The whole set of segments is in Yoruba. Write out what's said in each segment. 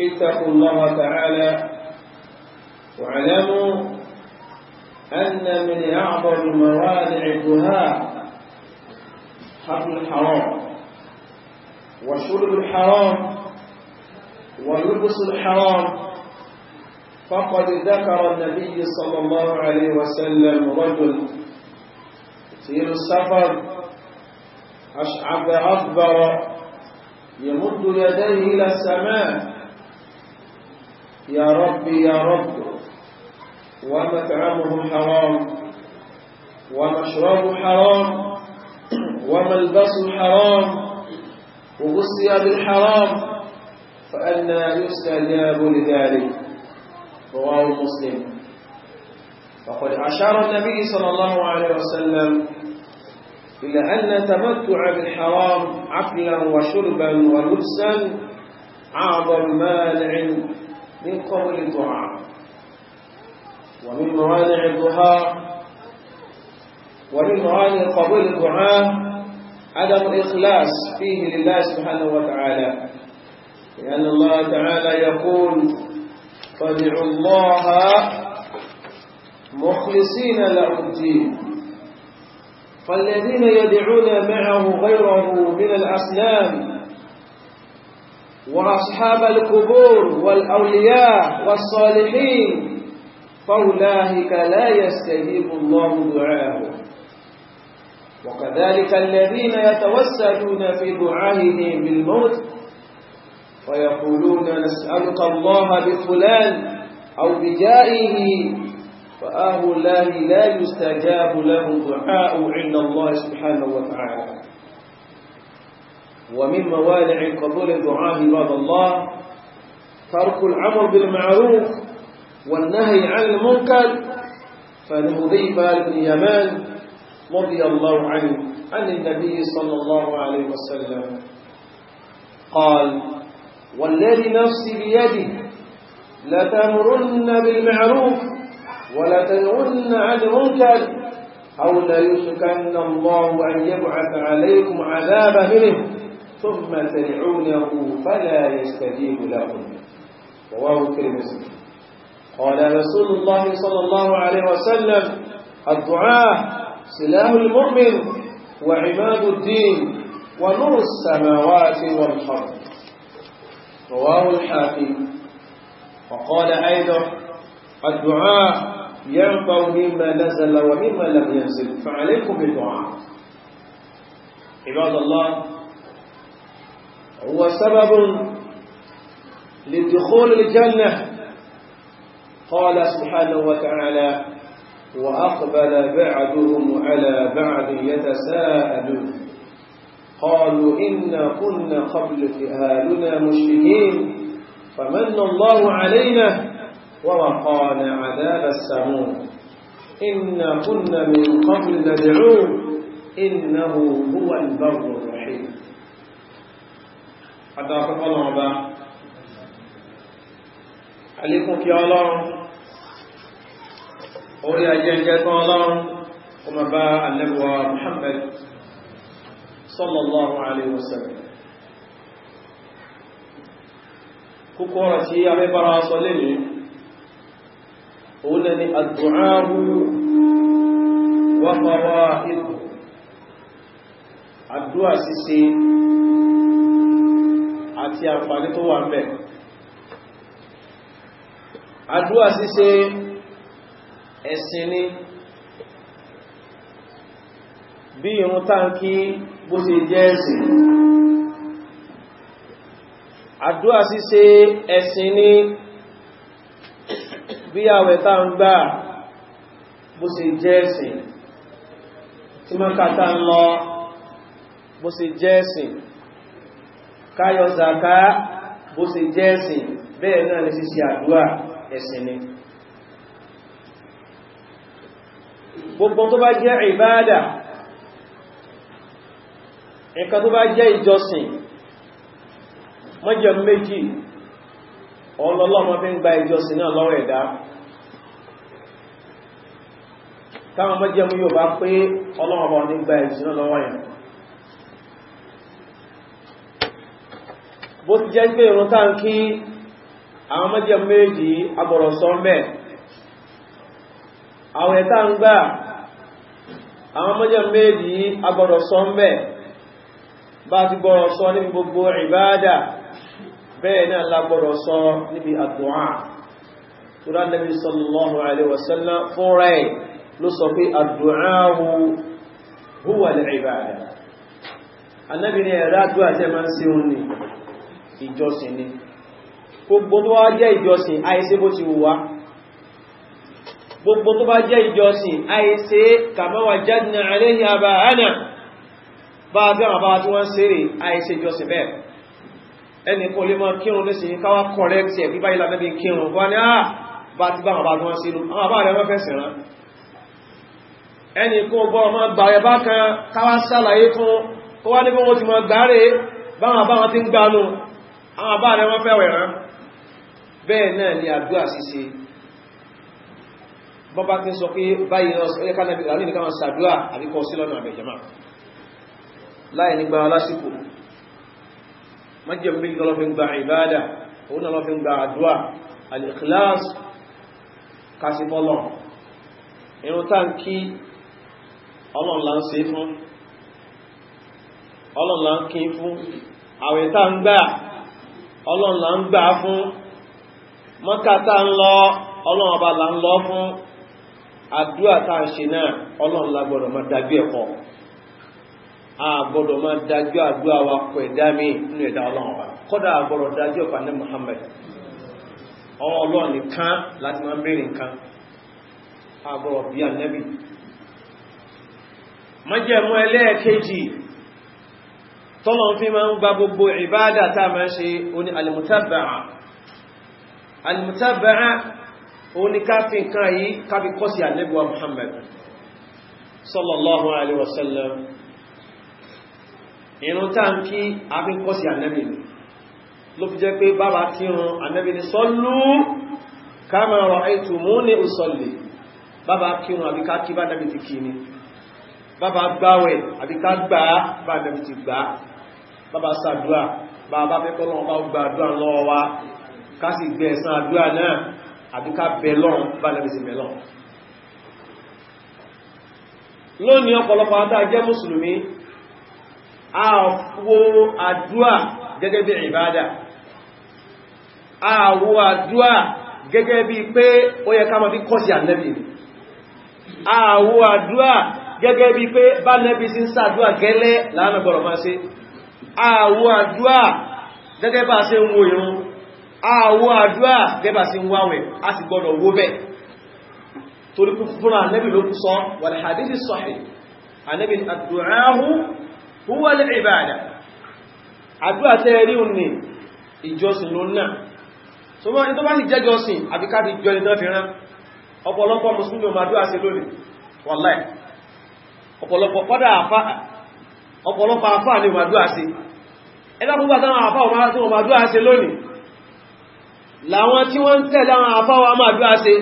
اتقوا الله تعالى واعلموا أن من أعظم موانع الدهاء حقل الحرام وشرب الحرام ولبس الحرام فقد ذكر النبي صلى الله عليه وسلم رجل يسير السفر أشعب أكبر يمد يديه إلى السماء يا ربي يا رب ومطعمه حرام ومشربه حرام وملبسه حرام وغسي بالحرام فأنا يستجاب لذلك رواه مسلم وقد أشار النبي صلى الله عليه وسلم إلى أن تمتع بالحرام عقلا وشربا ولبسا أعظم مانع من قبل الدعاء ومن موانع الدعاء ومن موانع قبول الدعاء عدم الإخلاص فيه لله سبحانه وتعالى لأن الله تعالى يقول فادعوا الله مخلصين له الدين فالذين يدعون معه غيره من الأصنام وأصحاب القبور والأولياء والصالحين فأولئك لا يستجيب الله دعاءهم وكذلك الذين يتوسلون في دعائهم بالموت ويقولون نسألك الله بفلان أو بجائه الله لا يستجاب لهم دعاء عند الله سبحانه وتعالى ومن موانع قبول الدعاء عباد الله ترك العمل بالمعروف والنهي عن المنكر فلهذيفة بن يمان رضي الله عنه عن النبي صلى الله عليه وسلم قال والذي نفسي بيده لتامرن بالمعروف ولا عن المنكر أو ليشكن الله أن يبعث عليكم عذاب منه ثم تدعونه فلا يستجيب لكم رواه الترمذي قال رسول الله صلى الله عليه وسلم الدعاء سلاح المؤمن وعماد الدين ونور السماوات والأرض رواه الحاكم وقال أيضا الدعاء ينفع مما نزل ومما لم ينزل فعليكم بالدعاء عباد الله هو سبب لدخول الجنة قال سبحانه وتعالى وأقبل بعضهم على بعض يتساءلون قالوا إنا كنا قبل أهالنا مشركين فمن الله علينا ووقانا عذاب السموم إنا كنا من قبل ندعوه إنه هو البر الرحيم àtàkọ́kọ́ lọ́wọ́ bá alékún kí ọlọ́run orí ajẹ́jẹ́ tán ọlọ́run kó ma bá alẹ́wọ̀ Muhammad sallallahu alaihi wasallam kókó ọ̀rọ̀ tí a mẹ́bára sọ lẹ́yìn òun ni àdùnráhù wọ́pàá síse àti àǹfààní tó wà ń bẹ̀ àdúwà ṣíṣe ẹ̀sìn ni bí irun táǹkí bó ṣe jẹ́ ẹ̀sìn àdúwà ṣíṣe ẹ̀sìn ni bí àwẹ̀ táà ń bó ṣe jẹ́ ẹ̀sìn tí mọ́kàtà ń lọ bó ṣe jẹ́ ẹ̀sìn káyọ zaka bó ṣe jẹ́ ẹ̀sìn bẹ́ẹ̀ náà ní ṣíṣe àdúrà ẹ̀sìn ni gbogbo tó bá jẹ́ ìbáadà nǹkan tó bá jẹ́ ìjọsìn mọ́jọ méjì ọlọ́lọ́mọ fi ń gba ìjọsìn náà lọ́rọ̀ ẹ̀dá táwọn mọ́jọ yóò bá pé ọlọ́mọ ní gba ìjọsìn náà lọ́rọ̀ ẹ̀dá bó ti jẹ́ pé ìrun tá ń kí àwọn mẹ́jẹ méjì agbọ̀rọ̀ sọ mẹ́ àwọn ẹ̀ta ń gbà àwọn mẹ́jẹ méjì agbọ̀rọ̀ sọ mẹ́ bá ti gbọ́rọ̀ sọ níbi gbogbo ìbáadà bẹ́ẹ̀ náà lágbọ́rọ̀ sọ níbi àdúà ló sọ ibada annabi ne ya radu ìjọsìn ni gbogbo tó wá jẹ́ ìjọsìn àìṣe bó ti wùwá gbogbo tó bá jẹ́ ìjọsìn àìṣe kàmọ́wà jẹ́dìnà àléhì àbá hánà bá bí àwọn bá tí wọ́n sèrè àìṣe ìjọsìn bẹ́ẹ̀ ẹni kò lè mọ́ kírun ní sí káwà correct ẹ̀ bí báyìí lábẹ́bí kírun wọ́n ni á ah! bá ti bá àwọn bá tí wọ́n sínú àwọn bá rẹ̀ wọ́n fẹ́ sìnrán ẹni kó bọ́ ọmọ gbàrẹ̀ bá kan káwà sálàyé fún ó wá ní bọ́ wọ́n ti mọ́ gbàrẹ̀ báwọn báwọn ti ń gbanú àwọn àbá rẹ̀ wọ́n fẹ́wẹ̀ rán bẹ́ẹ̀ náà ni àdúrà ṣíṣe bọ́bá tí ń sọ pé báyìí rán sọ yẹ́ká nẹ́bí ìrànlẹ́ nìkan sàdúrà àríkọ sí lọ́nà àbẹ̀jẹ̀má láì ní gba lásìkò májẹ̀mí lọ́fin gba ìbáadà òun náà gba àdúrà al-ikhlas irun táǹkì ọlọ́run ń ṣe fún ọlọ́run ń kí fún àwẹ̀ táǹgbà ọlọ́run la ń gbà fún mọ́kàtà ń lọ ọlọ́run ọba là ń fún àdúrà tá ṣe náà ọlọ́run la gbọ́dọ̀ máa dájú ẹ̀kọ́ a gbọ́dọ̀ máa dájú àdúrà wa pẹ̀ dá nínú ẹ̀dá ọlọ́run ọba kọ́dà gbọ́dọ̀ dájú ọ̀pá ní ọmọ láti máa ń bèèrè tọ́lọ̀ fi ma ń gba gbogbo ìbádà tá ma ń ṣe oní alìmùtàbàá alìmùtàbàá oní káfin kan yìí káfin kọ́ sí àlẹ́gbọ́ Muhammad sallallahu alaihi wasallam irun tá ń kí àfin kọ́ sí àlẹ́bì ló fi jẹ́ pé bàbá tí rán àlẹ́bì ni sọ́lú kama ra'aytumuni usalli bàbá kírun àbí ká bàbá sàdúà bàbá fẹ́ kọ́ lọ́wọ́ bá gba àdúà lọ́wọ́ wa ká sì gbé ẹ̀san àdúà náà àbí ká bẹ lọ́n bá lẹ́bí sí mẹ́lọ́n lónìí ọ̀pọ̀lọpọ̀ adá jẹ́ mùsùlùmí àwọ àdúà gẹ́gẹ́ bí ìbádà àwọ àdúà gẹ́gẹ́ bí pé ó yẹ ká máa fi ànẹ́bì àwọ àdúà gẹ́gẹ́ bí pé bá lẹ́bí sí sàdúà gẹ́lẹ́ láàrín ọgbọ̀rọ̀ máa ṣe àwọ àdúà gẹ́gẹ́ bá ṣe ń wo ìrun àwọ àdúà gẹ́gẹ́ bá ṣe ń wáwẹ̀ a sì gbọ́dọ̀ wó bẹ̀ torí fúnra anẹ́bì ló sọ wal hadith sahih anẹ́bì àdúráhù huwa al ibada àdúà tẹ́ẹ̀rí òní ìjọsìn ló náà so mọ́ tó bá sì ọ̀pọ̀lọpọ̀ àfá ní ìwàdúwà sí ẹgbẹ́ púpọ̀ táwọn àfá ọmọ tí wọ́n màdúwà sí lónìí láwọn tí wọ́n ń tẹ̀lé àwọn àfá wa màdúwà sí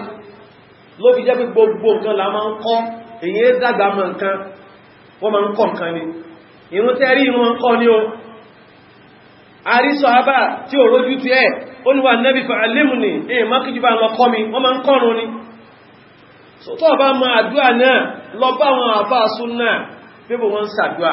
ló fi jẹ́ pé gbogbo nǹkan la máa ń kọ́ èyí dàgbà mọ̀ nǹkan wọ́n máa ń kọ́ nǹkan ni irun tẹ́rí wọn kọ́ ni o àrísọ abá tí ò rójú ti ẹ̀ olúwa nẹ́bí fàálẹ́mù ni èyí mákìjúbà lọ kọ́ mi àdúà náà lọ bá àwọn àfáà súnnà pé bò sàdúà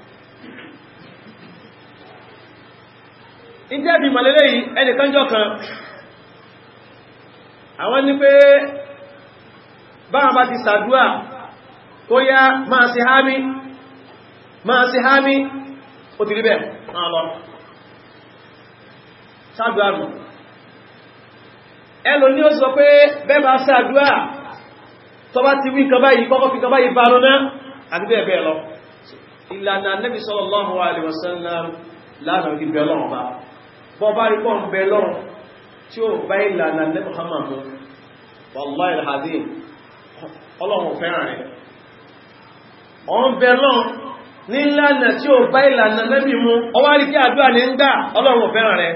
ìjẹ́ bí mọ̀lẹ́lẹ́ yìí ẹnìkanjọ́ kan àwọn ní pé báwọn bá ti sàdúà tó yá máa sí hámi máa sí hámi ó ti rí bẹ̀ máa lọ sàdúà mọ̀ ẹlò ní ó sọ pé bẹ́bà sàdúà tó bá ti wí kan báyìí kọ́kọ́ fi kan báyìí bá lọ́nà àti bẹ́ẹ̀ bẹ́ẹ̀ lọ bọ́bá rí pọ́ tí ó bá ìlànà ní Muhammad mú wallahi alhazim ọlọ́run fẹ́ràn rẹ̀ ìlànà tí ó bá ìlànà mú ọwá rí kí àdúrà ní ń dá ọlọ́run fẹ́ràn rẹ̀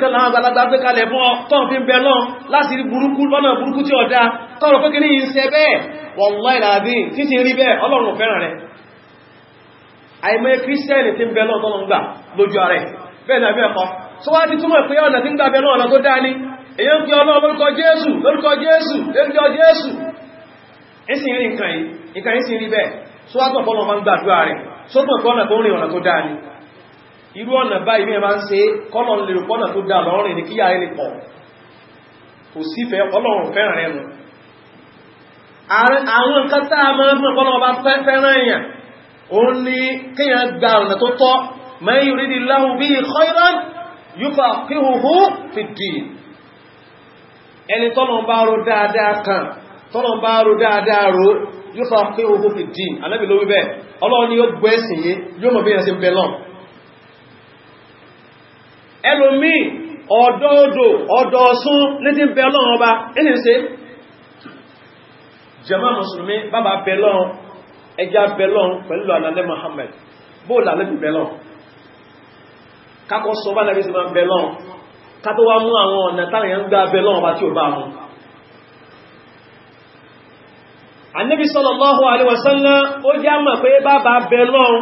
kò láwọn àgbàlagbà pé kalẹ̀ fi ń láti rí burúkú lọ́nà burúkú tí ọ̀dá tọ́rọ pé kí ní bẹ́ẹ̀ títí rí bẹ́ẹ̀ àìmọ́ kírísítẹ́nì tí ń bẹ náà tọ́nà ń gbà lójú ààrẹ bẹ́ẹ̀ náà bẹ́ẹ̀ kọ́ tó wá ti túnmọ̀ pé ọ̀nà tí ń gbàbẹ̀ náà tó dání èyàn fi ọlọ́ lórúkọ jésù lórúkọ jésù lórúkọ jésù ìsìn rí nǹkan yìí nǹkan ìsìn rí bẹ́ẹ̀ tó wá tọ̀pọ̀ máa ń gbàdúrà rẹ̀ tó mọ̀ pé ọ̀nà tó rìn ọ̀nà tó dání irú ọ̀nà báyìí mẹ́ẹ̀ máa ń ṣe kọ́nà lè rò pọ́nà tó dá lọ́rìn ní kíyà rẹ̀ pọ̀ kò sífẹ́ ọlọ́run fẹ́ràn rẹ̀ nù àwọn nǹkan tá a máa ń mọ̀ pọ́nà ọba fẹ́ràn èèyàn òun ni kíyàn gba ọ̀nà tó tọ́ man yuridillahu bihi khayran yufaqihuhu fid-din ẹni tọ́lọ̀ bá rú dáadáa kan tọ́lọ̀ bá rú dáadáa rú yufaqihuhu fid-din anábì ló wíbẹ̀ ọlọ́run ni ó gbọ́ ẹ̀sìn yìí yóò mọ̀ bí ẹ̀sìn ń ẹjá bẹ̀lọ́n pẹ̀lú ànàlẹ́ muhammed bó lànàbí bẹ̀lọ́n kákọ́ sọ bá nàbí sí ma bẹ̀lọ́n ká mú àwọn ọ̀nà táyẹ̀ ń gbá bẹ̀lọ́n ọba tí ó bá mú annabi sallallahu alaihi wasallam ó jẹ́ mọ̀ pé bàbá bẹ̀lọ́n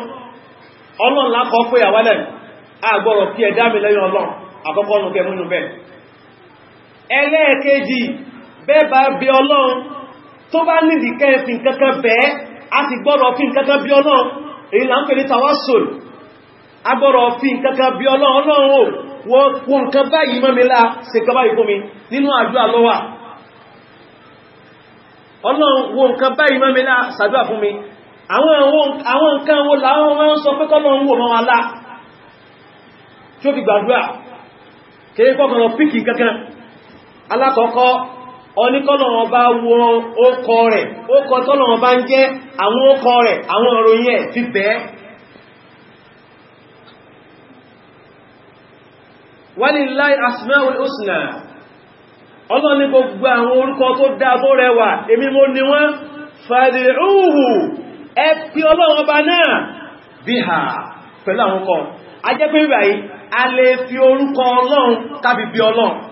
ọlọ́n lákọ́ pé àwálẹ̀ àgbọ̀rọ̀ ẹ̀dá mi lẹ́yìn ọlọ́n àkọ́kọ́ a ti gbọ́rọ̀ fi nǹkankan bí ọlọ́run èyí là ń pè ní tawassul agbọ́rọ̀ fi nǹkankan bí ọlọ́run wọ́n nǹkan báyìí mọ́ mi láà ṣe nǹkan báyìí fún mi nínú àdúrà ló wà ọlọ́run wọ́n nǹkan báyìí mọ́ mi láà ṣàdúrà fún mi àwọn nǹkan alákọ̀ọ́kọ́ oníkọ́lọ̀wọ́n bá wọ ókọ rẹ̀ ókọ tọ́lọ̀wọ́n bá ń jẹ́ àwọn ókọ rẹ̀ àwọn ọ̀ròyìn ẹ̀ ti bẹ́ẹ̀ walillahi asmaul husna ọlọ́run ní gbogbo àwọn orúkọ tó dá tó rẹwà mo ní wọ́n ẹ ọba náà biha pẹ̀lú àwọn kan a jẹ́ pé fi orúkọ ọlọ́run ọlọ́run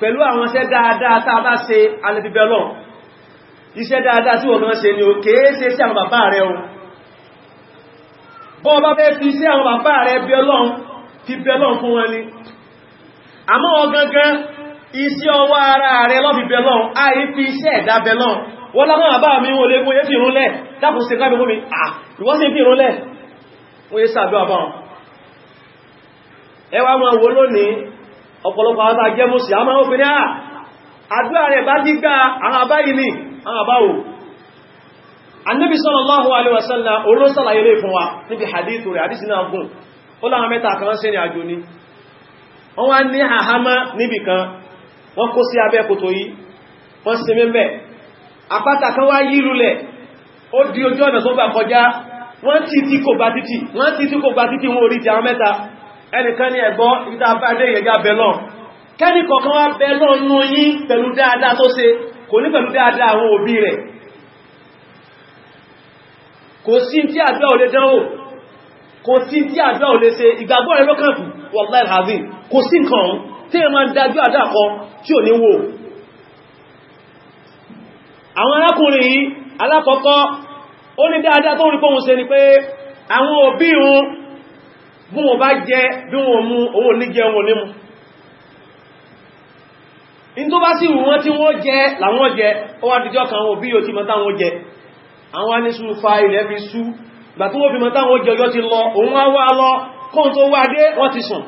pẹ̀lú àwọn iṣẹ́ dáadáa tá a bá ṣe alẹ́bíbẹ́lọ́n iṣẹ́ dáadáa tí wọ́n máa ṣe ni ó kéése sí àwọn bàbá rẹ̀ o bọ́ bá fẹ́ fi sí àwọn bàbá rẹ̀ bẹ́lọ́n fi bẹ́lọ́n fún wọn ni àmọ́ ọgangan iṣẹ́ ọwọ́ ara rẹ̀ lọ́fi bẹ́lọ́n àì fi iṣẹ́ ẹ̀dá bẹ́lọ́n wọ́n láwọn bàbá mi wọ́n lé wọ́n ah ìwọ́n sì fi ìrúnlẹ̀ wọ́n yé sàbẹ́ ọ̀bọ̀n ẹwà wọn wo lónìí ọ̀pọ̀lọpọ̀ àwọn àjẹ́ mọ́sí a máa ń fìdí àdúrà rẹ̀ bá dígbà àwọn àbáyìí ní àwọn àbáwò annabi sallallahu alaihi wasallam oró sàlàyé lè fún wa níbi hadithu rẹ̀ hadisi náà gùn ó láwọn mẹ́ta kan ṣe ní àjò ní wọ́n wá ní àhámá níbì kan wọ́n kó sí abẹ́ kòtò yìí wọ́n sí mẹ́mẹ́ àpáta kan wá yí lulẹ̀ ó di ojú ọ̀nà tó gbà kọjá wọ́n títí kò bá títí wọ́n títí kò bá títí wọ́n orí ti àwọn mẹ́ta ẹnìkan ní ẹ̀gbọ́ ìta bá dé ìyẹ̀gá bẹ̀lọ́n kẹ́ni kọ̀kan wá bẹ̀lọ́n nú yí pẹ̀lú dáadáa tó ṣe kò ní pẹ̀lú dáadáa àwọn òbí rẹ̀ kò sí tí àgbà ò lè dánwò kò sí tí àgbà ò lè ṣe ìgbàgbọ́ rẹ̀ lọ́kànkù wallahi alazim kò sí nǹkan àwọn ni pé àwọn òbí òun bí wọ́n bá jẹ bí wọ́n mú owó ní jẹ wọn nímú in tó bá sì wù wọ́n tí wọ́n jẹ làwọn jẹ ó wá dìjọ́ kan wọ́n bí yóò ti mọ́ta wọn jẹ àwọn anísù fa ilẹ̀ fi sú gbà tí wọ́n fi mọ́ta wọn jẹ ọjọ́ ti lọ òun wá wá lọ kóhun tó wá dé wọ́n ti sùn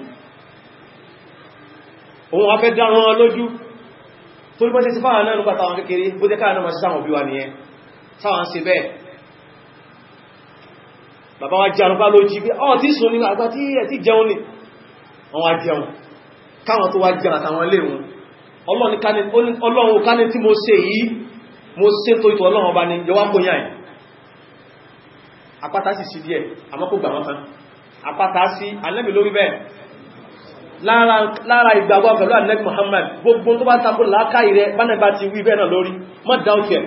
òun wá fẹ́ dáran lójú torí bọ́ bàbá wa jẹ́ àrùpá ló jí pé ọ́ tí sùn ní àgbà tí ẹ̀ tí jẹun ní wọ́n wá jẹun káwọn tó wá jẹun àtàwọn ilé wọn ọlọ́run ká ní tí mo ṣe yìí mo ṣe tó ìtọ̀ ọlọ́run ọba ni yọwá kó yáì apáta sì sí díẹ̀ àmọ́ kò gbà wọ́n tán apáta sí anẹ́bì lórí bẹ́ẹ̀ lára ìgbàgbọ́ pẹ̀lú anẹ́bì Muhammad gbogbo tó bá tako láákàí rẹ bánẹ́bà ti wí bẹ́ẹ̀ náà lórí mọ́ dáúkẹ̀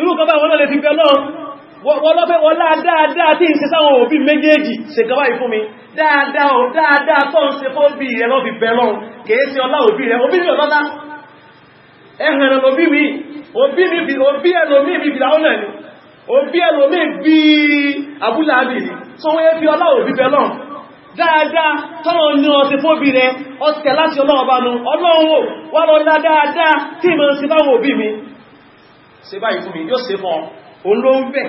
irú kan bá wọn lè fi bẹ́ lọ́run wọ́lọ́fẹ́ wọlá dáadáa tí ń ṣe sáwọn òbí méjèèjì ṣe gaba ìfún mi dáadáa ò dáadáa tó ń ṣe fún bí rẹ̀ lọ́fi bẹ̀rọ̀ kèése ọlá òbí rẹ̀ òbí mi ọlọ́lá ẹ̀hẹ̀rẹ̀ lòbí mi òbí ẹlòmí mi bí láwọn náà ni òbí ẹlòmí bí abúláàbì tó wọ́n fi ọlá òbí bẹ̀rọ̀ dáadáa tọ́rọ ní ọ̀sẹ̀ fóbi rẹ̀ ọ̀sẹ̀ láti ọlọ́ọ̀bánu ọlọ́run wà lọ dáadáa tí ìmọ̀ sí báwọn òbí mi ṣe báyìí fún mi yóò ṣe fún ọ olóńgbẹ̀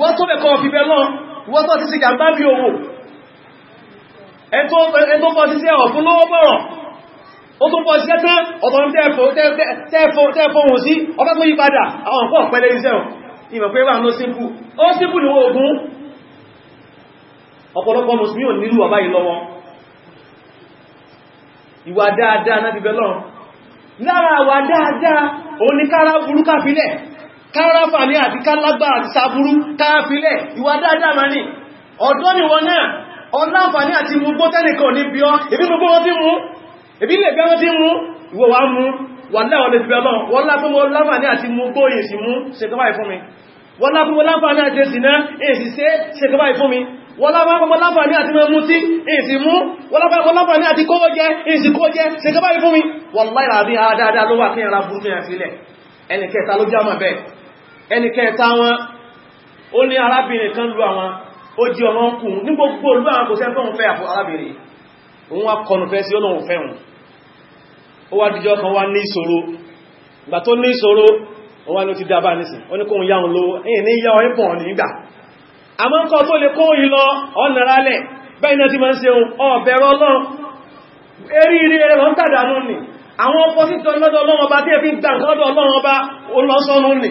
wọ́n tó mẹ́kọ́ fi bẹ́ lọ́n wọ́n tó ti sí gàgbá bí owó ẹ̀tọ́ pọ̀ sí ẹ̀họ̀ fún lọ́wọ́ bọ̀rọ̀ ó tó pọ̀ sí ẹ̀tọ́ ọ̀tọ̀rọ̀ tẹ́ẹ̀fọ́hùn sí ọba tó yípadà àwọn nǹkan pẹ̀lẹ̀ iṣẹ́ ìmọ̀ pé wà ní símpù ó símpù ní ogun ọ̀pọ̀lọpọ̀ mùsùlùmí ò nílù ọba ìlọ́wọ́ ìwà dáadáa náà ti bẹ́ lọ́rùn lára àwà dáadáa òun ni kára burúkà fílẹ̀ káráfà ní àti kálágbára àti sàbúrú káàfilẹ̀ ìwà dáadáa ma ní ọ̀dọ́ ni wọn náà ọláǹfàní àti gbogbo tẹ́nìkan ní bí ọ́ ìbí gbogbo wọn ti mú ìbí lè bẹ́ wọn ti mú ìwọ wá mú wà láwọn lè fi ọlọ́run wọ́n lápúnmọ́ láǹfàní àti gbogbo èsì mú ṣẹ̀kọ́bá ìfún mi wọ́n lápúnmọ́ láǹfàní àti èsì náà èsì ṣe ṣẹ̀kọ́bá ìfún mi wọ́n lápapọ̀ láfàní àti mẹ́mú tí èsì mú wọ́n lápapọ̀ láfàní àti kówó jẹ́ èsì kó jẹ́ ṣe gẹ́bá ìfún mi wọ́n ẹni kẹta ló jẹ́ ọmọ bẹ́ẹ̀ ẹni kẹta wọn ó ní arábìnrin kan lù àwọn ó jí ọmọ kùn ní gbogbo olú àwọn kò sẹ́fẹ́ òun fẹ́ àfọ arábìnrin òun wá kọnu fẹ́ sí ọlọ́run fẹ́ òun ó wá díjọ́ kan wá ní ìṣòro ìgbà tó ní ìṣòro òun wá ní ti dábà nísìn ó ní kóhun yáhun lówó èyí ní yá ọyún pọ̀ nígbà àmọ́ ń kọ́ tó lè kó yìí lọ ọ̀nà rálẹ̀ bẹ́ẹ̀ náà ti máa ń ṣe ohun ọ̀bẹ̀rọ ọlọ́run eré ilé rẹ̀ wọ́n àwọn ọpọ̀ sí tọ́lọ́dọ̀ ọlọ́run ọba tí ẹ fi ń kọ́dọ̀ ọlọ́run ọba ó lọ́sọ́nù nì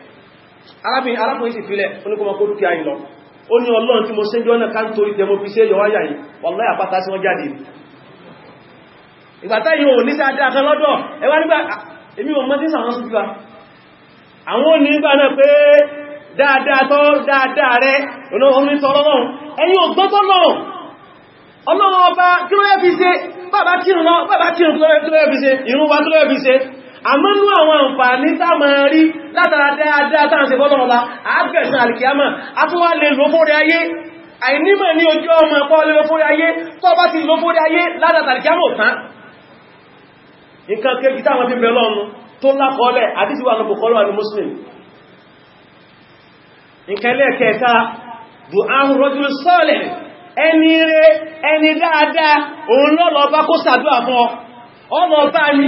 arábìnrin arákùnrin sì filẹ̀ oníkọmọ kó dúkìá yìí lọ ó ní ọlọ́run tí mo ṣe ń jọ náà ká ń torí tẹmọ fi ṣe yọwáyà yìí wàláhì àpáta sí wọ́n jáde ìgbàtá yìí ò ní sí adé akan lọ́dọ̀ ẹwà nígbà èmi ò mọ́ tí sàwọn sí gbígbà àwọn ò ní gbà náà pé dáadáa tọ́ dáadáa rẹ oní tọ́lọ́run ẹ̀yin ò gbọ́tọ́ náà ọlọ́run ọba kí ló yẹ fi ṣe bàbá kírun lọ bàbá kírun kí ló yẹ fi ṣe ìrún wa kí ló yẹ fi ṣe àmọ́nú àwọn àǹfààní táàmà rí látara dáadáa tàà ṣe fọ́lọ́ ọba àgbẹ̀sán alìkìyàmà a tún wá lè lò fórí ayé àìnímọ̀ ní ojú ọmọ ẹ̀kọ́ lè lò fórí ayé tó bá ti lò fórí ayé látara alìkìyàmà òtán nǹkan kéjì táwọn bí mẹ́lọ́nu tó lákọọ́lẹ̀ àdíjì wà lọ́bù kọlọ́ àrí muslim nǹkan lẹ́ẹ̀kẹta du'ahu rajul salih ẹni rẹ̀ ẹni dáadáa òun lọ́lọ́ bá kó sàdúà fún ọ ọmọ bá ní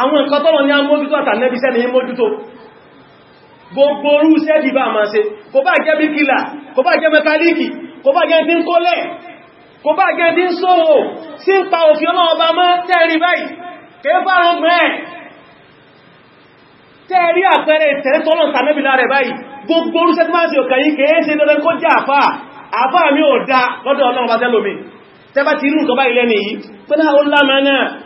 àwọn nǹkan tọ́lọ ní amójútó àtànẹ́bí sẹ́ni yí mójútó gbogbo orú sẹ́bí bá máa ṣe kò bá jẹ́ bíkìlà kò bá jẹ́ mẹkáníkì kò bá jẹ́ tí ń kólẹ̀ kò bá jẹ́ tí ń sọ́wọ́ sí ń pa òfin ọlọ́ọba mọ́ tẹ́rí báyìí kéfàrán mẹ́ẹ̀ tẹ́rí àpẹẹrẹ ìtẹ́rẹ́ tọ́lọ̀ tànẹ́bí lára báyìí gbogbo orú sẹ́bí máa ṣe ọ̀kà yìí kèé ṣe dandan kó jẹ́ àfà àfà mi ò dá lọ́dọ̀ ọlọ́run bá tẹ́lómi tẹ́bá ti irú nǹkan báyìí lẹ́ni yìí pẹ́lá ó lámẹ́ náà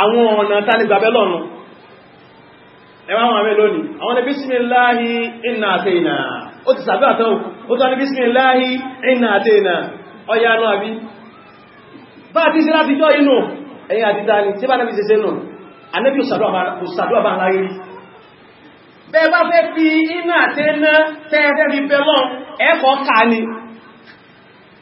àwọn ọ̀nà tálẹ́gbàbẹ́ lọ́nu ẹwà àmì lónìí àwọn ní bísmìláhì iná àtẹ́ìnà ó ti sàbẹ́ àtọ́ ó tó ní bísmìláhì iná àtẹ́ìnà ọya anú àbí bá ti sí láti jọ inú ẹ̀yìn àdídá tí bá nẹ́bí ṣe iná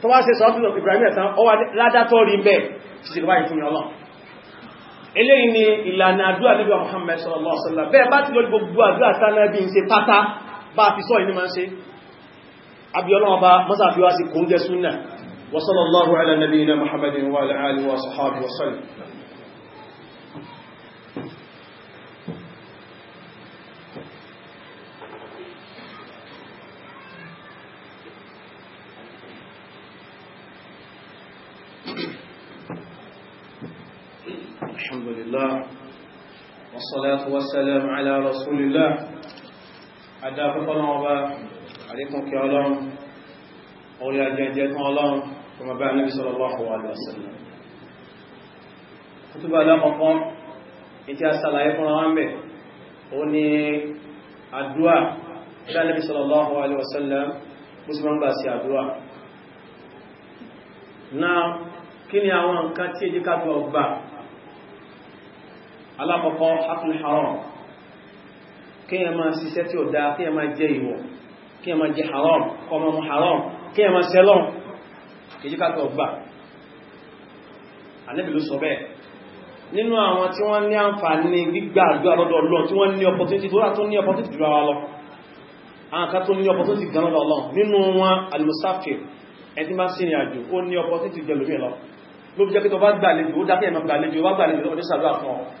tó wá ṣe sọ́fún Ibrahim ẹ̀sán ọwà ládá tó rí bẹ́ẹ̀ ti sì wáyé fún ọlọ́ eléyìí ni ìlànà àdúrà níbi Muhammad sallallahu alaihi wasallam bẹ́ẹ̀ bá ti lórí gbogbo àdúrà sáná bí n ṣe pátá bá fi sọ ìní ma ń ṣe abiyọ́lọ́ọba mọ́sàfíwá sí kóúnjẹ súnnà wa sallallahu الحمد لله والصلاة والسلام على رسول الله أدافق الله عليكم يا الله أولياء أجاجاتنا الله كما باع النبي صلى الله عليه وسلم كتب على مقام إتي السلام قرآن به أني الدعاء إلى النبي صلى الله عليه وسلم مسلم باسي الدعاء náà kí ni àwọn nǹkan tí èjì ká tó ọgbà alákọ̀ọ́kọ́ hafil haram kíyàn máa ṣiṣẹ́ tí ó dá kíyàn máa jẹ ìwọ̀ kíyàn máa jẹ haram kọmọ mọ haram kíyàn máa sẹ́lọ́n kìjíkàtọ̀ gbà Ànábì ló sọ bẹ́ẹ̀ nínú àwọn tí wọ́n ní àǹfààní gbígbà àdúrà lọ́dọ̀ Ọlọ́run tí wọ́n ní opportunity tó rà tó ní opportunity jù ara lọ àwọn kan tó ní opportunity gan lọ́dọ̀ Ọlọ́run nínú wọn ó ní opportunity jẹ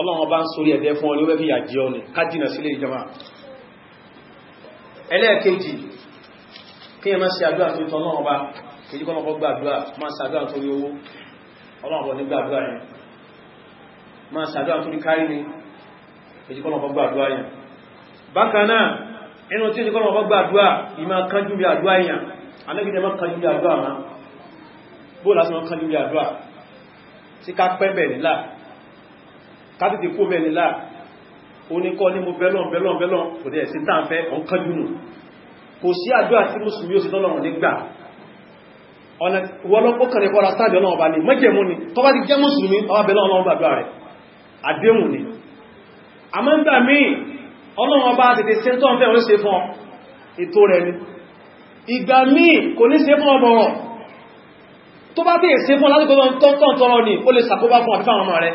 ọlọ́run bá ń sórí ẹ̀dẹ́ fún ọ ní ó bẹ́fì àjẹ́ ọ̀nà kájìnà sílé ìjọmá ẹlẹ́ẹ̀kejì kí ẹ má ṣe àdúrà tó tọ́ ọlọ́run bá kejì kọ́nà kọ́ gbàdúrà má ṣàdúrà torí owó ọlọ́run bọ̀ ní gbàdúrà yẹn má ṣàdúrà torí kárí ni kejì kọ́nà kọ́ gbàdúrà yẹn bákan náà ẹnu tí kọ́nà kọ́ gbàdúrà ìmá kánjú àdúrà yẹn kátìtì kó mẹ́ni láà ó ní kọ́ ní mo bẹ́lọ́n bẹ́lọ́n bẹ́lọ́n kò dẹ̀ sí tàǹfẹ́ ọ̀nkánjúnù kò sí àdúrà tí mùsùlùmí ó sì tọ́lọ̀wọ̀n nígbà ọ̀nà wọ́lọ́pọ̀ kẹrẹ kọ́ra sáàbẹ̀ ọlọ́run bá ní mẹ́jẹ̀mú ni tó bá ti jẹ́ mùsùlùmí ọwá bẹ̀lọ́ ọlọ́run gbàdúrà rẹ̀ àdéhùn ni a mọ́ ń gbà míì ọlọ́run ọba tètè ṣe tó ń fẹ́ oríṣẹ́ fún ètò rẹ̀ ni ìgbà míì kò ní ṣe fún ọmọ tó bá tèè ṣe fún lásìkò tó ń tọ́ntọ́rọ ni ó lè ṣàkóbá fún àfífà ọmọ rẹ̀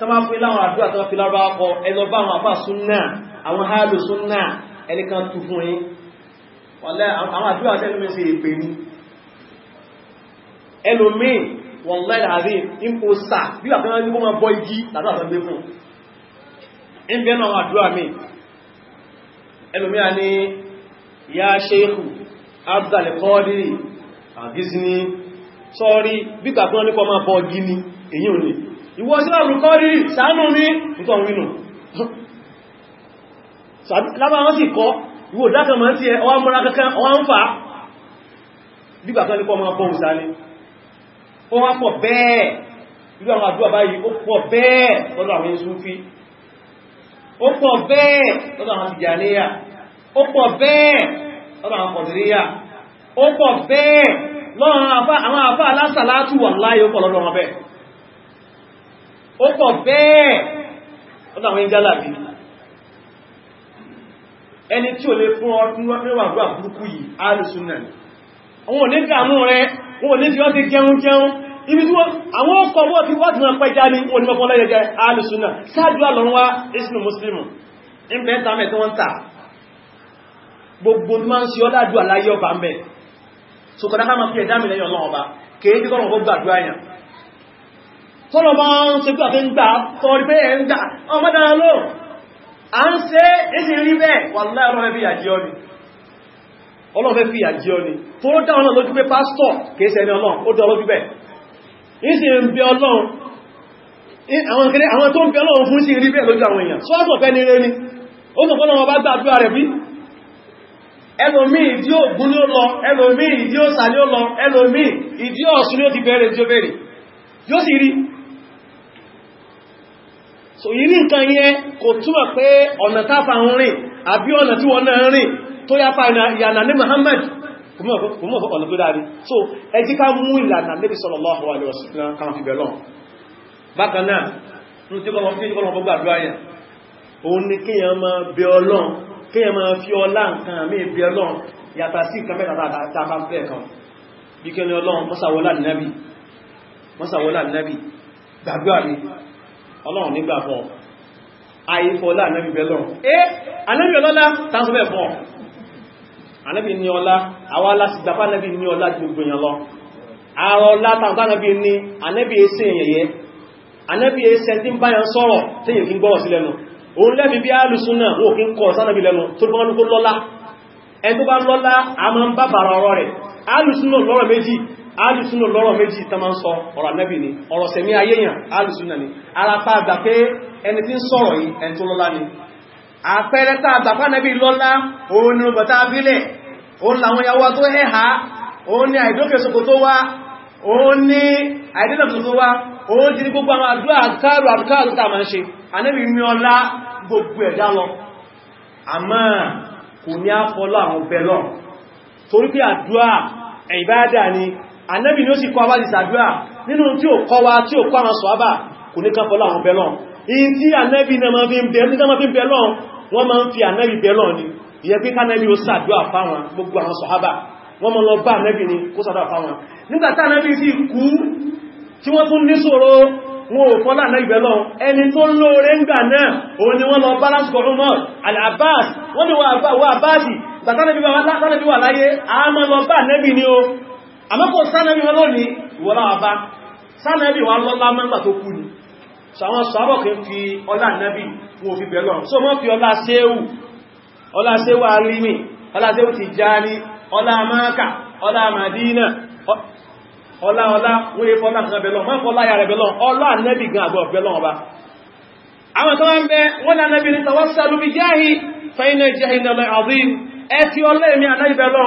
tọ́mà fi láwọn àdúrà tọ́mà fi lárọ́ akọ ẹlọ́bá àwọn àpá súnnà àwọn hálò súnnà ẹnìkan tún fún yí wọ́lẹ́ àwọn àdúrà tẹ́lùmí sí èpè ní ẹlòmí wọ́n lẹ́lẹ̀ àrí ipò sà bí wà fẹ́ràn nígbó máa bọ́ igi tàbí àtọ́gbé fún ẹgbẹ́ náà àwọn àdúrà mi ẹlòmí a ní ya ṣeéhù abdul qadir àgízní sọ́rí bí kàfẹ́ nípa máa bọ́ igi ni èyí ò ìwọ sí àbùkọ́rí sánú mi nǹkan wínú lábá wọ́n sì kọ́ ìwò dákan ma ń tí ẹ ọwá mọ́ra kankan ọwá ń fà bígbà kan nípa ọmọ ọpọ̀ ìsáni ó wá pọ̀ bẹ́ẹ̀ ìlú àwọn àdúwà báyìí ó pọ̀ bẹ́ẹ̀ lọ́dọ̀ àwọn Súfí ó pọ̀ bẹ́ẹ̀ lọ́dọ̀ àwọn Tìjàníyà ó pọ̀ bẹ́ẹ̀ lọ́dọ̀ àwọn Kọ̀dìríyà ó pọ̀ bẹ́ẹ̀ lọ́dọ̀ àwọn àfá alásàlátù wà láyé ó pọ̀ lọ́dọ̀ wọn bẹ́ẹ̀ ó pọ̀ bẹ́ẹ̀ ó tàwọn ìjálà bí ẹni tí ò lè fún ọdún wàgbà burúkú yìí alùsùn náà àwọn òní dàmú rẹ wọn òní tí wọ́n ti jẹun jẹun ibi tí àwọn ọkọ̀ wọ́n ti wá ti wọ́n pẹ́já ní wọn ni wọ́n lẹ́yẹ jẹ alùsùn náà sáájú àlọ́run wá ìsìnà mùsùlùmù ìpẹ́ta mẹ́ tí wọ́n tà gbogbo máa ń ṣe ọlá àdúrà láyé ọba ń bẹ̀ so kọ̀dá ká máa fi ẹ̀dá mi lẹ́yìn tọ́lọ bá ń ṣe pé àfẹ́ ń gbà tọ́rí pé ẹ̀ ń gbà ọmọdára ló a ń ṣe èsì rí bẹ́ẹ̀ wàláhì ọlọ́fẹ́ fi àjí ọni ọlọ́fẹ́ fi àjí ọni tó dá ọlọ́ lójú pé pásítọ̀ kéèsẹ̀ ní ọlọ́run ó dá ọlọ́jú bẹ́ẹ̀ ìsì ń bí ọlọ́run àwọn tó ń bí ọlọ́run fún sí rí bẹ́ẹ̀ lójú àwọn èèyàn sọ́ọ̀sọ̀ fẹ́ ní rẹ́ni ó sọ fọ́lọ́wọ́ bá gbàdúrà rẹ̀ bí ẹlòmí ìdí ògún ní ó lọ ẹlòmí ìdí òsà ní ó lọ ẹlòmí ìdí ọ̀sùn ní ó ti bẹ̀rẹ̀ tí ó bẹ̀rẹ̀ yóò sì rí so yìí ní nǹkan yẹn kò túmọ̀ pé ọ̀nà táfà ń rìn àbí ọ̀nà tí wọ́n náà rìn tó yapa ìyànà ní Muhammad kùmọ̀ ọ̀nà tó dáadé so ẹ jí ká mú ìlànà Nabi sallallahu alaihi wasallam káwọn fi bẹ̀lọ́n bákan náà ní tí kọ́lọ̀ gbogbo àdúrà yẹn òun ni kíyàn máa bẹ Ọlọ́run kíyàn máa fi ọlá nǹkan mí bẹ Ọlọ́run yàtà sí nǹkan mẹ́ta tàbá bẹ́ẹ̀ kan bí kí ni Ọlọ́run mọ́sàwọ́lá nẹ́bì gbàdúrà mi ọlọ́run nígbà fún àìfọ́lá ànábì bẹ́lọ́n eh ànábì ọlọ́lá tánṣọ́bẹ̀ fún ànábì ní ọlá àwọn alásìgbàpá ànábì ní ọlá gbogbo èèyàn lọ ààrọ ọlá tánṣọ́ ànábì ní ànábì ẹsẹ e èyẹyẹ ànábì ẹsẹ e tí ń báyàn sọ̀rọ̀ tí yìí kí ń gbọ́rọ̀ sí lẹ́nu òun lẹ́bi bí alùsùn náà wò kí ń kọ̀ sánàbì lẹ́nu tó bá ń lọ́lá ẹni tó bá lọ́lá a máa ń bá bàrà ọ̀rọ̀ rẹ̀ alùsùn náà lọ́rọ̀ méjì alìsúnà lọ́rọ̀ méjì tó máa ń sọ ọ̀rọ̀ Ànábì ni ọ̀rọ̀ sẹ̀mí ayéyàn alìsúnà ni arapa àgbà pé ẹni tí ń sọ̀rọ̀ yìí ẹni tó lọ́lá ni àpẹẹrẹ tá àgbàpá Ànábì lọ́lá òun ni bọ̀tá abílẹ̀ òun làwọn yàwó tó hẹ́ha òun ni àìdókèsókò tó wá òun ni àìdínàbùsọ̀ tó wá òun ti ní torí pé àdúrà ìbádà ni ànábì ní ó sì kọ́ wá ìsàdúrà nínú tí ó kọ́ wá tí ó kọ́ àwọn sọ́ábà kò ní kápọ̀lá àwọn bẹ́lọ́n èyí tí ànábì náà ma fi ń bẹ́lọ́n wọ́n ma ń fi ànábì bẹ́lọ́n ni ìyẹ́ pé kánábì ó sàdúrà fáwọn gbogbo àwọn sọ́ábà wọ́n ma lọ bá ànábì ni kó sàdúrà fáwọn nígbà tá ànábì sì kú tí wọ́n tún níṣòro wọn ò fọ́lá ànábì bẹ́lọ́n ẹni àmọ́kọ̀ sánàbí wọn lónìí ìwọ̀lá àbá sánàbí wọn lọ́lá mẹ́gbà tó kú ni ṣàwọn sọ́rọ̀ kí fi ọlá nábì wọn fi bẹ̀rọ so mọ́ fi ọlá séwù ọlá séwù alimi ọlá séwù Tijani ọlá maka ọlá madina ọlá ọlá wọ́n fọ́lá kan bẹ̀lọ mọ́ fọ́lá yà rẹ̀ bẹ̀lọ ọlá nábì gan àgbọ̀ bẹ̀lọ ọba àwọn tó wọ́n bẹ jahi fa inna jahi náà azim ẹ fi ọlá èmi ànábì bẹ̀lọ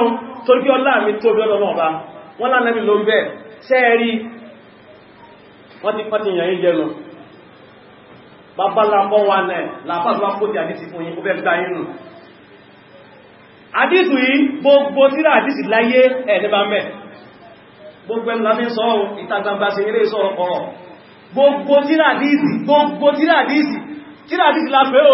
torí ọlá mi tó bẹ̀lọ ọba wọ́n lánàbí ló ń bẹ́ sẹ́ẹ̀rí wọ́n ti pọ́tí ìyàn ìjẹnu babalapọ̀ wà náà làpáàtùwà kó ti àdísì fún bẹ́ inú àdísù yìí gbogbo síra àdísì láyé ẹ̀ẹ́dẹ́bà mẹ́ gbogbo ẹnu lámí sọ sí eré sọ gbogbo àdísì gbogbo àdísì àdísì lápẹ́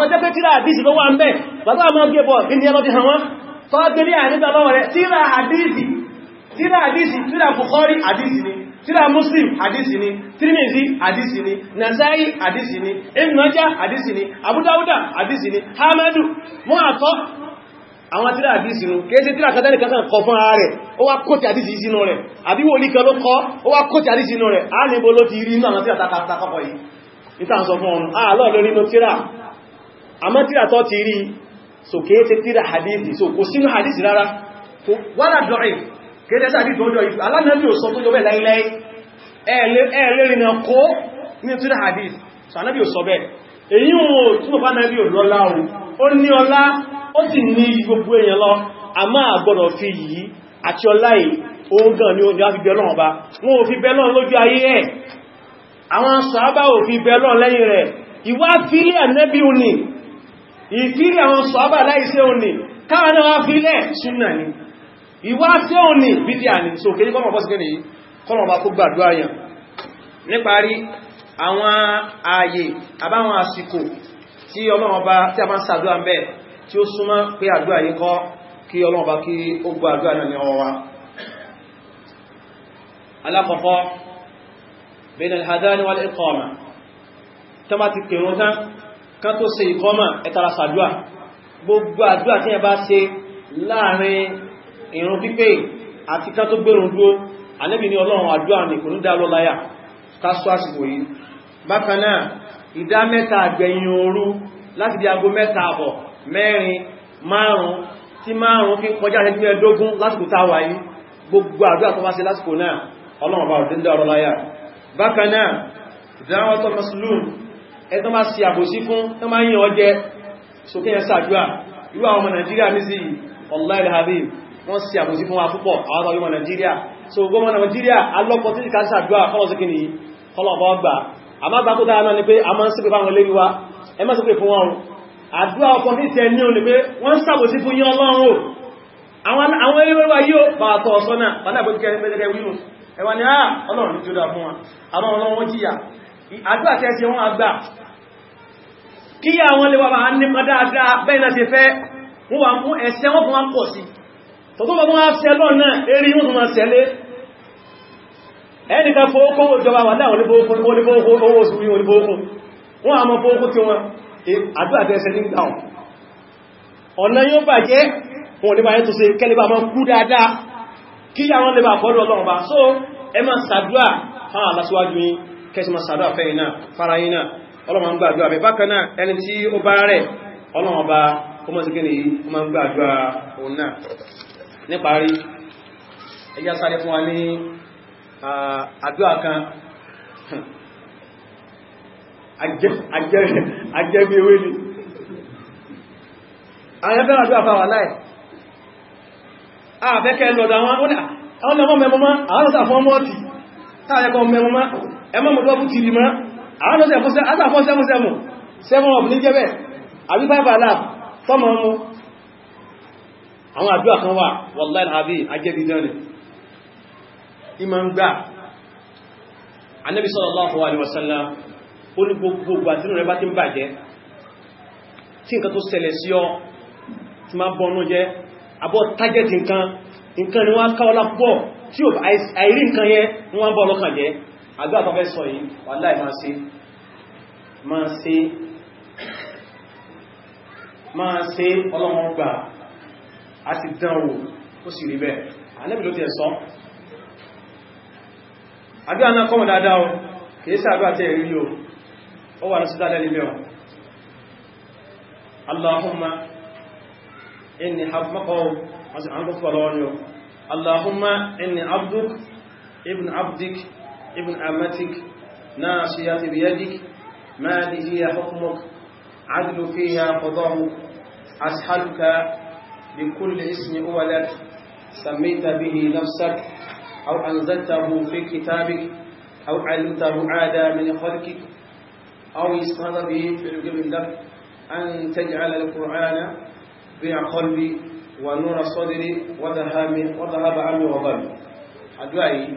o ti káyẹ̀ bàbá àmọ́ gẹ́bọ̀ ní ẹlọ́ ti hàn wọ́n tọ́ gẹ́lẹ́ àìníta lọ́wọ́ rẹ̀ tíra àdíìsì tíra àdíìsì tíra Bukhari àdíìsì ni tíra Muslim àdíìsì ni Tirmidhi àdíìsì ni Nasa'i àdíìsì ni Ibn Majah àdíìsì ni Abu Dawuda ni Hamadu mọ́ àtọ́ àwọn tíra àdíìsì nù kéèsí tíra kátàlì kátà kọ fún ara rẹ̀ ó wá kóòtì àdíìsì sínú rẹ̀ àbí wòlí kan a níbo ló ti rí inú àwọn tíra takọ́kọ́ yìí ìtànsọ fún ọmọ àlọ́ lórí inú tíra àmọ́ tíra tọ́ ti rí so kìí ṣe tíra hadithi so kò sínú hadithi rárá wọ́nà dọ̀rì kìí ṣe hadithi ọjọ́ ìfẹ́ alánàbí ò sọ tó jọ bẹ́ẹ̀ láìláì ẹ̀ẹ́lẹ́rin na kó ní tíra hadithi so anábí ò sọ bẹ́ẹ̀ èyí wọn ò o lo a fi ni fi ìwá fílẹ̀ ìkírí àwọn sọ́ábà láìsẹ́ òní káàná wá fílẹ̀ súnà ni ìwá sí òní bídíà ni so kéré kọ́mọ̀ bọ́ sí kéré yìí kọ́mọ̀ bá kó gbàdúrà yàn níparí àwọn ààyè àbáwọn àsìkò tí ọlọ́mọba tí a máa sàdúrà ń bẹ tí ó súnmọ́ pé àdúrà kan tó ṣe ìkọ́mà ẹ̀tara sàdúà gbogbo àdúà tí ẹ bá ṣe láàrin ìrun pípé àti kan tó gbérun dúó Ànábì ní ọlọ́run àdúà ní kò ní dá lọ láyà kásọ àsìkò yìí bákan náà ìdá mẹ́ta àgbẹ̀yìn òru láti di aago mẹ́ta àbọ̀ mẹ́rin márùn-ún tí márùn-ún fi kọjá ẹgbẹ́ mẹ́ẹ̀ẹ́dógún lásìkò táwà yìí gbogbo àdúà tó bá ṣe lásìkò náà ọlọ́run bá òdíndà ọ̀rọ̀ láyà bákan náà ìdáwọ́tọ̀ mùsùlùmí ẹ̀tọ́ máa sí àbòsí fún tó máa yìn ọjẹ́ sókè yẹn sàjúà irú àwọn ọmọ Nàìjíríà ní sí ọ̀láìlàbí wọ́n sí àbòsí fún wa púpọ̀ àwọn ọmọ so gómọ Nàìjíríà alọ́pọ̀ tí ká sàjúà kọ́lọ̀síkìní kọ́lọ̀bọ̀ gbà àmágbà tó dáa náà ni pé a máa ń sípè wa ẹ máa sípè fún wọn àdúrà ọkọ̀ ní ìtẹ́ ní òní pé wọ́n ń sàbòsí fún yín Ọlọ́run àwọn eléwà yóò bá àtọ̀ ọ̀sọ́nà padà bó kẹrin mẹ́lẹ́rẹ́ wíwọ̀n ah, ẹwà ni fún wa àwọn Ọlọ́run wọ́n jìyà àdúrà tẹ́sí wọn àgbà kí àwọn lè wà bá ní mọ́ dáadáa bẹ́ẹ̀ náà ti fẹ́ wọ́n wà mú ẹ̀ṣẹ̀ wọ́n fún wọn pọ̀ sí tọ́tọ́ bọ́ wọ́n ṣẹ lọ náà eré yóò tún ṣẹlé ẹnìkan fowókówó ìjọba wà láwọn olíbóókó oṣù yíò olíbóókó wọ́n àmọ́ fowókó tí wọ́n àdúrà tẹ́sẹ̀ ní gbà ọ̀nà yóò bàjẹ́ wọn ní báyẹ́ tó ṣe kẹ́lẹ́bà mọ́ kú dáadáa kí àwọn lè bà fọ́dọ̀ ọlọ́run bá so ẹ máa ṣàdúrà fáwọn aláṣíwájú yìí kẹsì ma sàdọ́ àfẹ́ iná fara iná ọlọ́mọ ń gbàdúrà rẹ̀ bákan náà ẹni tí ó bá rẹ̀ ọlọ́mọ bá sí ni ó ma ń gbàdúrà òun náà ẹjá sáré fún wa ní ni ah, táàrẹ́kọ́ ẹmọ́ mọ̀ lọ́pù ti rí mọ́ àwọn ọ̀sẹ̀fọ́ sẹ́mù sẹ́mù ọ̀pù ní jẹ́bẹ̀ àbí five aláàf tọ́mọ̀ mú àwọn àdúrà kan wà wallahi àbí ajẹ́bí dánì ìmọ̀ ń gbà Ànábì sallallahu alaihi wasallam ó ní gbogbo àti rẹ̀ bá ti ń bàjẹ́ tí nǹkan tó ṣẹlẹ̀ sí ọ ti máa bọnú jẹ́ abọ́ tágẹ́tì nǹkan nǹkan ni wọ́n káwọ́lá pọ̀ tí ò àìrí nǹkan yẹn wọ́n bọ́ lọ́kàn jẹ́ àdúrà tó fẹ́ sọ yìí wàláhì máa ṣe máa ṣe máa ṣe ọlọ́wọ́n gbà á ti dánwò ó sì rí bẹ́ẹ̀ Ànábì ló ti ẹ̀ sọ àdúrà náà kọ́mọ̀ dáadáa o kìí sí àdúrà tẹ́ rí o ó wà ní sí dáadáa nílé o Allahumma inni habmakọ̀ Allahumma inni abduk ibn abdik ابن عمتك ناصية بيدك ما هي حكمك عدل فيها قضاء أسحلك بكل اسم هو سميت به نفسك أو أنزلته في كتابك أو علمته عادة من خلقك أو يصطاد به في الجبل لك أن تجعل القرآن بيع قلبي ونور صدري وذهب عمي وظلمي أدعي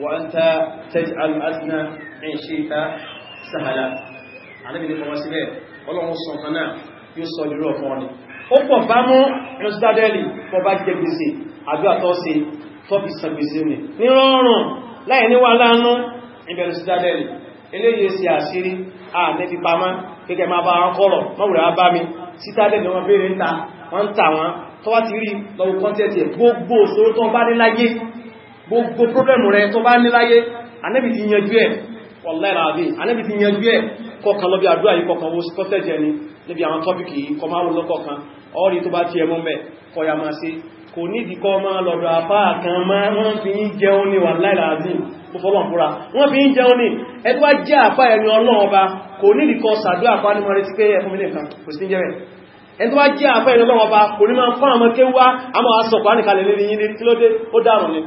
وأنت تجعل الأدنى إن شئت سهلا على من المواسبة والله صنعنا يصل له فوني ó pọ̀ bá mọ́ ìrọsídádẹ́lì pọ̀ bá jẹ gbèsè àbí àtọ́sí tọ́bí san gbèsè ní ní rọrùn láì níwà láánú ìbẹ̀rọsídádẹ́lì eléyìí sí àṣírí àmẹ́bí pamá gẹ́gẹ́ máa bá wọn kọ́rọ̀ mọ́wùrẹ̀ bá mi sítádẹ́lì wọn bèèrè ń ta wọ́n ń ta wọn tọ́wá ti rí lọ́wọ́ kọ́ntẹ́tì gbogbo òṣòro tó bá ní láyé gbogbo pọ́blẹ̀mù rẹ tó bá níláyé anẹ́bì ti yanjú ẹ̀ wọ̀láìláàbí anẹ́bì ti yanjú ẹ̀ kọkàn lọ bí àdúrà yìí kọkàn wo scottage ẹni níbi àwọn tọ́pìkì kọmáwò lọ́kọ̀ọ̀kan ọ́rí tó bá ti ẹmọ́ mẹ́ kọya máa ṣe kò nídìí kọ́ máa lọ́dọ̀ apá kan máa wọ́n fi ń jẹun ní wà láìláàbí tó fọ́lọ̀ fúra wọ́n fi ń jẹun ní ẹgbà jẹ́ àpá ẹni ọlọ́ọba kò nídìí kọ́ sàdúrà apá ní mọ́rí ti pé ẹfún mílẹ̀ kan kò sí jẹ́ ẹni tó wá jẹ́ àpá ẹni ọlọ́ọba kò ní máa fún àmọ́ kéwá àmọ́ àsọ̀kọ̀ ánìkalẹ̀ lórí yìí tí ló dé ó dárùn ni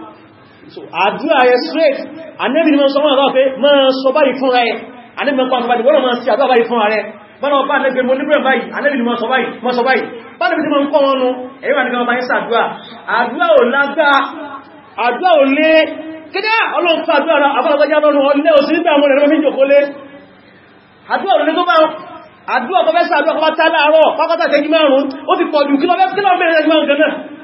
so àdúrà yẹ straight anẹ́bì ni mọ́ sọ wọ́n àdọ́ pé mọ́ sọ báyìí fún rẹ̀ anẹ́bì mọ́ pàtàkì báyìí wọ́n mọ́ sí àdọ́ báyìí fún rẹ̀ bọ́nà ọpá anẹ́bì mọ́ níbẹ̀ báyìí anẹ́bì ni mọ́ sọ báyìí mọ́ sọ báyìí bánẹ́bì ni mọ́ ń kọ́ wọn nú ẹ̀yọ́ ni kan bá ń sàdúrà àdúrà ò lágbà àdúrà ò lé kídá ọlọ́run fún àdúrà àbọ́lọ́gbọ́já lọ́rùn ọlẹ́ òsì nígbà àwọn ẹ̀rọ méjì òkó lé àdúrà ò lé tó bá àdúrà tó fẹ́ sàdúrà kọ́ bá tá láàárọ̀ pápátá ìtẹ́jú márùn-ún ó ti pọ̀ jù kí lọ fẹ́ kí lọ mẹ́rin ẹgbẹ́ ọ̀gẹ́ náà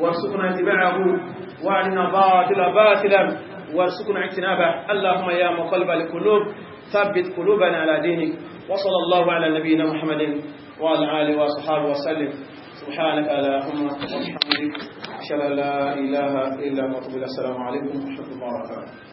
وارزقنا اتباعه وارنا باطلا باطلا وارزقنا اجتنابه اللهم يا مقلب القلوب ثبت قلوبنا على دينك وصلى الله على نبينا محمد وعلى اله وصحبه وسلم سبحانك اللهم وبحمدك اشهد ان لا اله الا انت السلام عليكم ورحمه الله وبركاته